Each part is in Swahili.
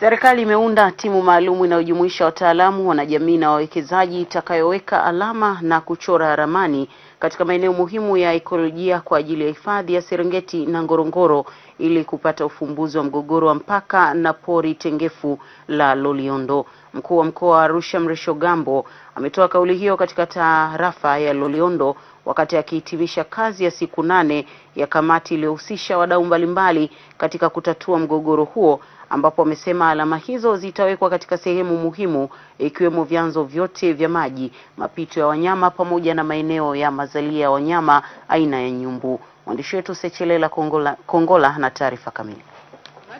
Serikali imeunda timu maalumu inayojumuisha wataalamu, wanajamii na wawekezaji itakayoweka alama na kuchora ramani katika maeneo muhimu ya ekolojia kwa ajili ya hifadhi ya Serengeti na Ngorongoro ili kupata ufumbuzi wa mgogoro wa mpaka na pori tengefu la Loliondo. Mkuu wa mkoa wa Arusha Mrisho Gambo ametoa kauli hiyo katika tarafa ya Loliondo wakati akihitimisha kazi ya siku nane ya kamati iliyohusisha wadau mbalimbali katika kutatua mgogoro huo, ambapo amesema alama hizo zitawekwa katika sehemu muhimu ikiwemo vyanzo vyote vya maji, mapito ya wanyama pamoja na maeneo ya mazalia ya wanyama aina ya nyumbu. Mwandishi wetu Sechelela Kongola, Kongola na taarifa kamili.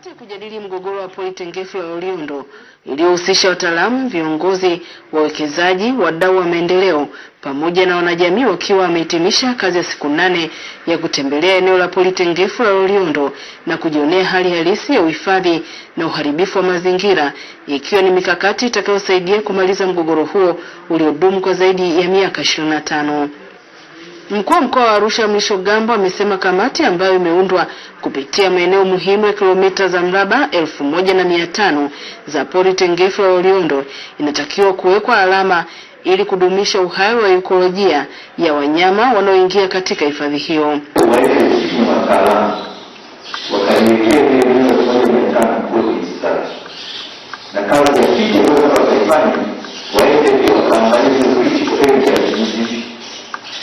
Kamati ya kujadili mgogoro wa pointi tengefu ya Oliondo iliyohusisha wataalamu, viongozi, wawekezaji, wadau wa maendeleo pamoja na wanajamii wakiwa wamehitimisha kazi ya siku nane ya kutembelea eneo la pointi tengefu la Oliondo na kujionea hali halisi ya uhifadhi na uharibifu wa mazingira ikiwa ni mikakati itakayosaidia kumaliza mgogoro huo uliodumu kwa zaidi ya miaka 25. Mkuu wa mkoa wa Arusha Mrisho Gambo amesema kamati ambayo imeundwa kupitia maeneo muhimu ya kilomita za mraba elfu moja na mia tano za pori tengefu la Oliondo inatakiwa kuwekwa alama ili kudumisha uhai wa ekolojia ya wanyama wanaoingia katika hifadhi hiyo.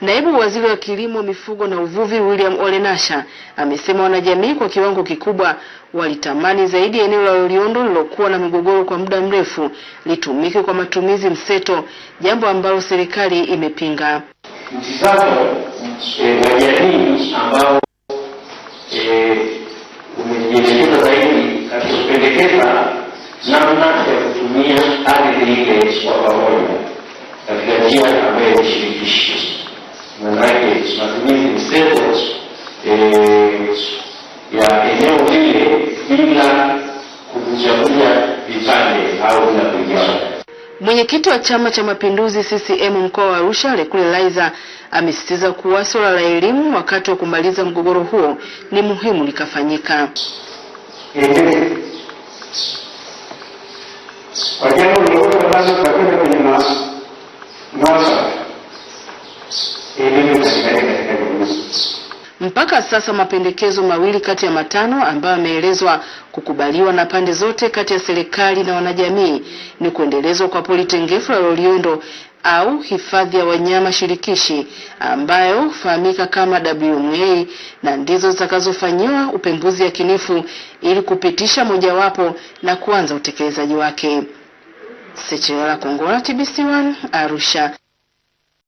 Naibu Waziri wa Kilimo, Mifugo na Uvuvi William Olenasha amesema wanajamii kwa kiwango kikubwa walitamani zaidi eneo la Loliondo lilokuwa na mgogoro kwa muda mrefu litumike kwa matumizi mseto, jambo ambalo serikali imepinga. Mtizamo wa jamii ambao eh, zaidi katika kupendekeza namna ya kutumia ardhi ile kwa pamoja katika njia ambayo ni shirikishi. Maanake matumizi eh, ya eneo lile bila kuvunjavunja vipande au bila kuigawa. Mwenyekiti wa Chama cha Mapinduzi CCM mkoa wa Arusha Lekule Laiza amesisitiza kuwa suala la elimu wakati wa kumaliza mgogoro huo ni muhimu likafanyika. Wajane unakuta ambazo utakwenda kwenye maasi Mpaka sasa mapendekezo mawili kati ya matano ambayo yameelezwa kukubaliwa na pande zote kati ya serikali na wanajamii ni kuendelezwa kwa pori tengefu la Loliondo au hifadhi ya wanyama shirikishi ambayo hufahamika kama WMA na ndizo zitakazofanyiwa upembuzi yakinifu ili kupitisha mojawapo na kuanza utekelezaji wake. Sechela Kongola, TBC1, Arusha.